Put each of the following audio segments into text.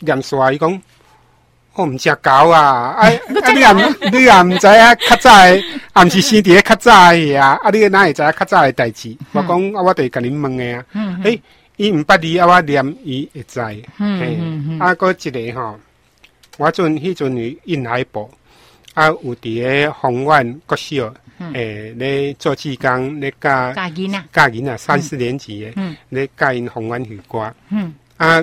念肅啊！伊講我毋食狗啊！阿阿你阿你也毋知影啊！較早，毋是咧較早在啊，阿你哪會知啊？較早嘅代志，我講我著會甲哋問嘅呀。誒，伊毋捌你阿我念，伊會知。嗯嗯嗯。啊，閣一個吼，我陣迄陣去印海部，啊，有佇咧宏遠國小，誒，咧，做志工，咧，教教囝啊！教囝啊！三四年級嘅，咧，教因宏遠雨瓜。嗯。啊。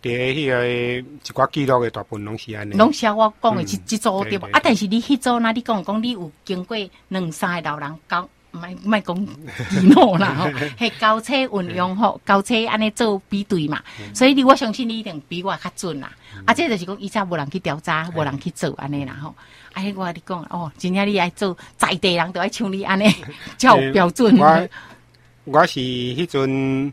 第迄個一寡記錄嘅大部分攏是安尼，攏是啊！我講嘅是這組對無啊？但是你迄組，那你講講你有經過兩三個老人交，唔係唔係講記錄啦？吼，係高鐵運用吼，高鐵安尼做比對嘛？所以你我相信你一定比我較準啦。啊，這就是講以前無人去調查，無人去做安尼啦吼。哎，我甲你講，哦，真正你愛做在地人，就愛像你安尼，才有標準。我我是迄陣。